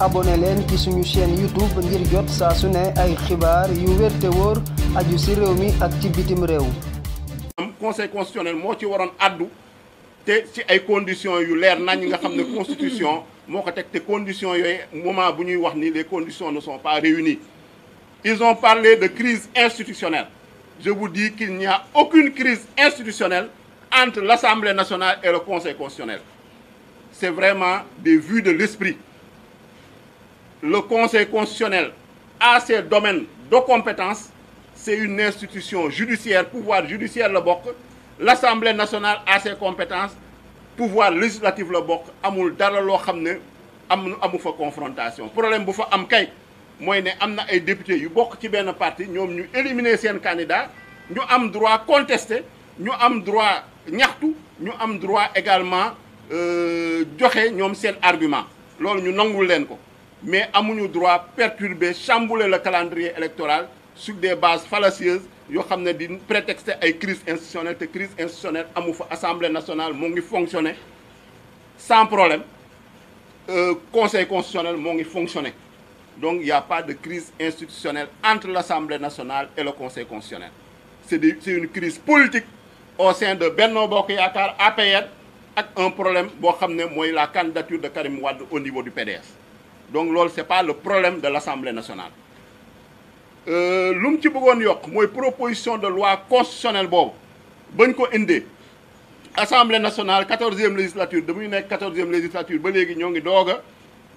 abonné leen ci suñu chaîne YouTube ngir jot saa su ne ay xibaar yu wér te wóor aju si réew mi ak ci bitim réew. am conseil constitutionnel moo ci waroon addu te ci ay conditions yu leer nañ nga xam ne constitution moo ko teg te condition yooyu moment bu ñuy wax ni les conditions ne sont pas réunies. ils ont parlé de crise institutionnelle je vous dis qu'il n'y a aucune crise institutionnelle entre l'Assemblée nationale et le Conseil constitutionnel c'est vraiment des vues de l'esprit le Conseil constitutionnel à ses domaines de compétence c'est une institution judiciaire pouvoir judiciaire la bokk l'Assemblée nationale a ses compétences pouvoir législatif la bokk amul dara loo xam ne am nu amu fa confrontation problème bu fa am kay mooy ne am na ay député yu bokk ci benn parti ñoom ñu éliminer seen candidat ñu am droit contester ñu am droit ñaxtu ñu am droit également euh, joxe ñoom seen argument loolu ñu nangul leen ko mais amuñu droit perturber chambouler le calendrier électorale sur des bases fallacieuses yoo xam ne di prétexte ay crise institutionnelle te crise institutionnelle amu fa assemblée nationale moo ngi fonctionner sans problème euh, conseil constitutionnel moo ngi fonctionner donc i y a pas de crise institutionnelle entre l'assemblée nationale et le conseil constitutionnel c'est des une crise politique au sein de Benno Bokk Yaakaar APR ak un problème boo xam ne mooy la candidature de Karim Wade au niveau du PDS donc loolu c'est pas le problème de l'Assemblée nationale euh, lu mu ci bëggoon yokk mooy proposition de loi constitutionnelle boobu ba bañ ko indee Assemblée nationale quatorzième législature damuy nekk quatorzième législature ba léegi ñoo ngi doog a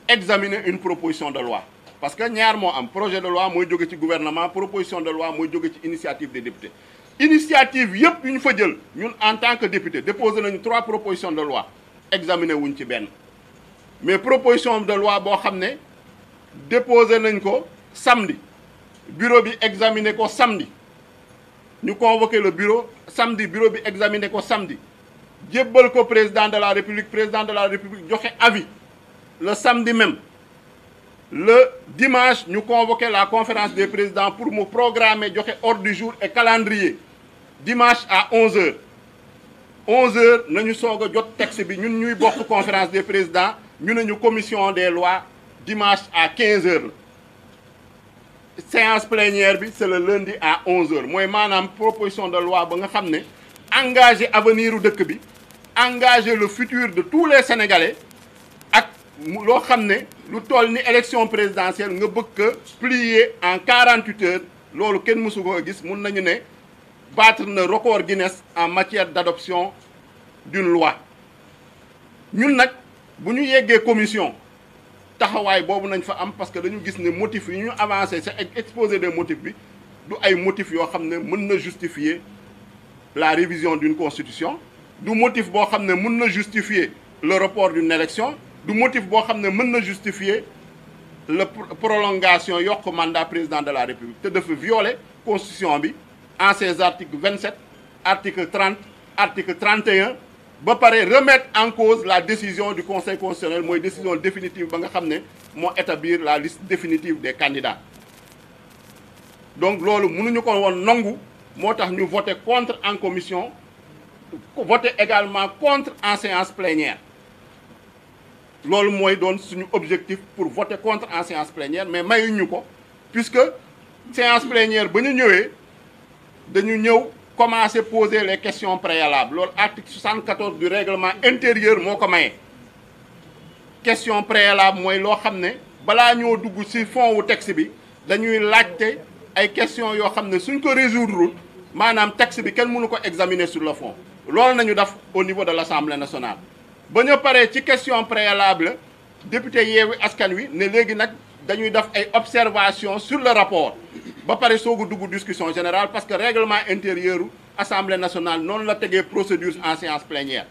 examiner une proposition de loi parce que ñaar moo am projet de loi mooy jóge ci gouvernement proposition de loi mooy jóge ci initiative des députés initiative yëpp yu ñu fa jël ñun en tant que député déposé nañu trois propositions de loi examiner wuñ ci benn mais proposition de loi boo xam ne déposé nañ ko samedi bureau bi examiné ko samedi ñu convoqué le bureau samedi bureau bi examiné ko samedi jébbal ko président de la république président de la république joxe avis le samedi même le dimanche ñu convoqué la conférence des présidents pour mu programmer joxe ordre du jour et calendrier dimanche à 11h 11h nañu soog a jot texte bi ñun ñuy bokk conférence des présidents ñu ne ñu commission des loi dimanche à 15 heures la séance plénière bi c'est le lundi à 11 heures mooy maanaam proposition de loi ba nga xam ne engager avenir dëkk bi engager le futur de tous les sénégalais ak loo xam ne lu toll ni élection présidentielle nga bëgg ko en 48 heures loolu kenn mësu ko gis mun nañu ne battre na record Guinness en matière d'adoption d'une loi ñun nag. bu ñu yeggee commission taxawaay boobu nañ fa am parce que dañu gis ne motif yi ñu avancé c'est exposé des motifs bi du ay motif yoo xam ne mën na justifier la révision d'une constitution du motif boo xam ne mën na justifier le report d'une élection du motif boo xam ne mën na justifier la prolongation yokk mandat président de la république te dafa viole constitution bi en ses articles 27 article 30 article 31 ba pare remettre en cause la décision du conseil constitutionnel mooy décision définitive ba nga xam ne moo établir la liste définitive des candidats donc loolu mënuñu ko woon nangu moo tax ñu voté contre en commission voté également contre en séance plénière loolu mooy doon suñu objectif pour voter contre en séance plénière mais mayuñu ko puisque séance plénière ba ñu ñëwee dañu ñëw commencer poser les questions préalables loolu article 74 du règlement intérieur moo ko maye question préalable mooy loo xam ne balaa ñoo dugg ci fond wu texte bi dañuy laajte ay question yoo xam ne suñ ko résoudre maanaam texte bi kenn mënu ko examiner sur le fond loolu nañu def au niveau de l'Assemblée nationale ba ñu paree ci question préalable député Yewwi Askan Wi ne léegi nag dañuy def ay observations sur le rapport ba pare soog a dugg discussion générale parce que règlement intérieur assemblée nationale noonu la tegee procédure en séance plénière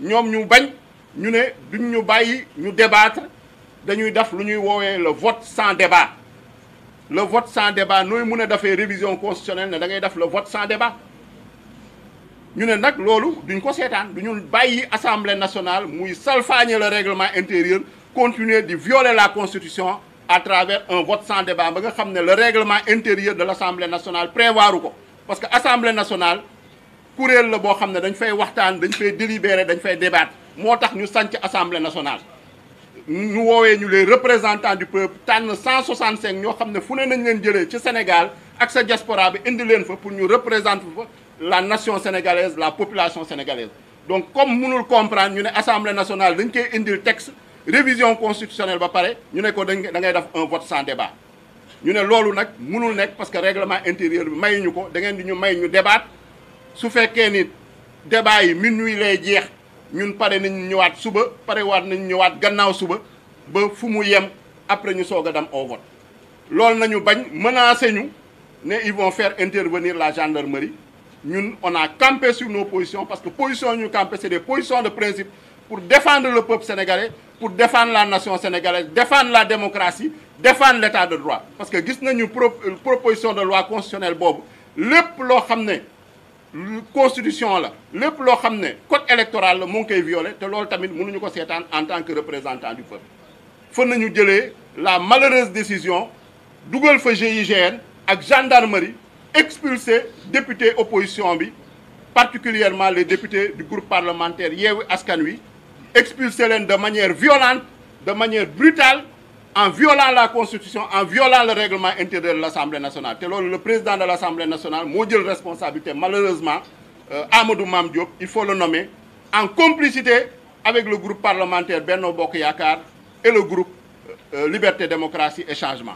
ñoom ñu bañ ñu ne duñ ñu bàyyi ñu débattre dañuy def lu ñuy woowee le vote sans débat le vote sans débat nooy mun a defee révision constitutionnelle ne da ngay def le vote sans débat ñu ne nag loolu duñ ko seetaan ñu bàyyi assemblée nationale muy salfaañe la règlement intérieur continuer di violer la constitution à travers un vote sans débat ba nga xam ne le règlement intérieur de l' assemblée nationale prévoiru ko parce que assemblée nationale kuréel la boo xam ne dañ fay waxtaan dañ fay délibérer dañ fay débattre moo tax ñu sanc assemblée nationale ñu woowee ñu les représentants du peuple tànn cinq ñoo xam ne fu ne nañu leen jëlee ci Sénégal ak sa diaspora bi indi leen fa pour ñu représenter fa la nation sénégalaise la population sénégalaise donc comme mënul ñu ne assemblée nationale dañ koy indil texte révision constitutionnelle ba pare ñu ne ko da ngay def un vote sans débat ñu ne loolu nag mënul nekk parce que règlement intérieur bi mayuñu ko da ngeen di ñu may ñu débaat su fekkee ni débat yi minuit lay jeex ñun pare nañ ñëwaat suba pare waat nañ ñëwaat gannaaw suba ba fu mu yem après ñu soog a dem au vote loolu nañu bañ menacé ñu ne ils vont faire intervenir la gendarmerie ñun on a campé sur nos positions parce que position ñu campé c'est des positions de principe pour défendre le peuple sénégalais pour défendre la nation sénégalaise défendre la démocratie défendre l'état de droit parce que gis nañu euh, proposition de loi constitutionnelle boobu lépp loo xam ne constitution la lépp loo xam ne code électoral la mu ngi koy violé te loolu tamit mënuñu ko seetaan en tant que représentant du peuple fa nañu jëlee la malheureuse décision dugal fa GIGN ak gendarmerie expulser député opposition bi particulièrement les député du groupe parlementaire Yewwi Askan Wi expulser leen de manière violente de manière brutale en violant la constitution en violant le règlement intérieur de l'Assemblée nationale te loolu le président de l'Assemblée nationale moo jël responsabilité malheureusement euh, Amadou Mame Diop il faut le nommer en complicité avec le groupe parlementaire Benno Bokk Yaakaar et le groupe euh, euh Liberté Démocratie et Changement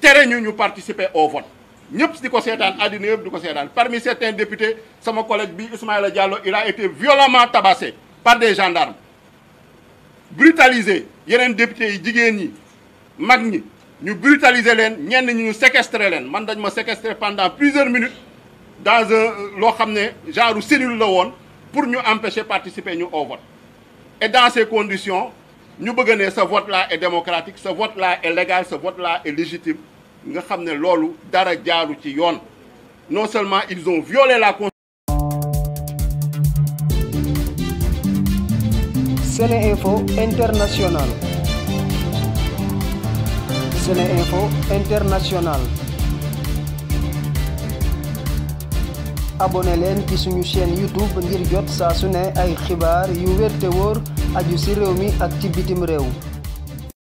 tere ñu ñu participer au vote ñëpp di ko seetaan àddina yëpp di ko seetaan parmi certains députés sama collègue bi Ismaïla Diallo il a été violemment tabassé par des gendarmes brutaliser yeneen député yi jigéen ñi mag ñi ñu brutaliser leen ñenn ñi ñu séquestrer leen man dañ ma séquestrer pendant plusieurs minutes dans un loo xam ne genre cellule la woon pour ñu empêcher participer ñu au vote et dans ces conditions ñu bëgg ne sa vote là est démocratique ce vote là est légal ce vote là est légitime nga xam ne loolu dara jaaru ci yoon non seulement ils ont violé la Sénéinfo International Sénéinfo International abonné leen ci suñu chaîne YouTube ngir jot saa su ne ay xibaar yu wér te wóor aju ci réew mi ak ci bitim réew